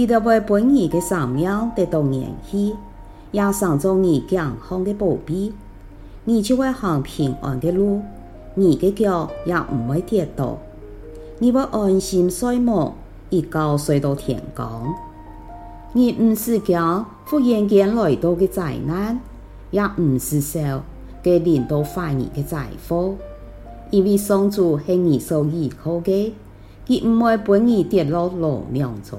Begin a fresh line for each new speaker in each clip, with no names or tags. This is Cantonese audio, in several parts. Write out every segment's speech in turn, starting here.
記得為本日嘅生命得到安息，也上做你健康嘅寶貝。你就會行平安的路，你嘅腳也唔會跌倒。你要安心睡夢，一覺睡到天光。你唔使驚忽然間來到嘅災難，也唔使受嘅連都發炎嘅災禍，因為上主係你所依靠嘅，佢唔會本日跌落羅網中。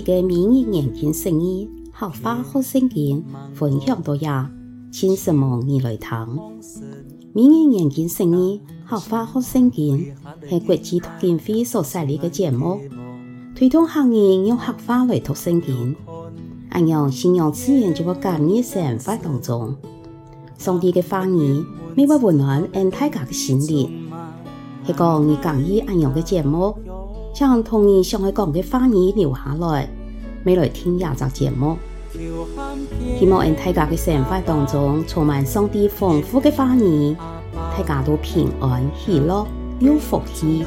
這個明日眼鏡生意合法好，好生健，分享多呀，請什麼你來聽。名日眼鏡生意合法好，好生健，係國際讀經會所設立嘅節目，推動行業用合法來讀聖經。按樣，信仰自然就會融入生活當中，上帝嘅話語每晚溫暖俺大家嘅心靈，係個你講意按樣嘅節目。想同你上帝嘅話語留下來，未來聽廿集節目，希望讓大家嘅生活當中充滿上帝豐富嘅話語，大家都平安喜樂，有福氣。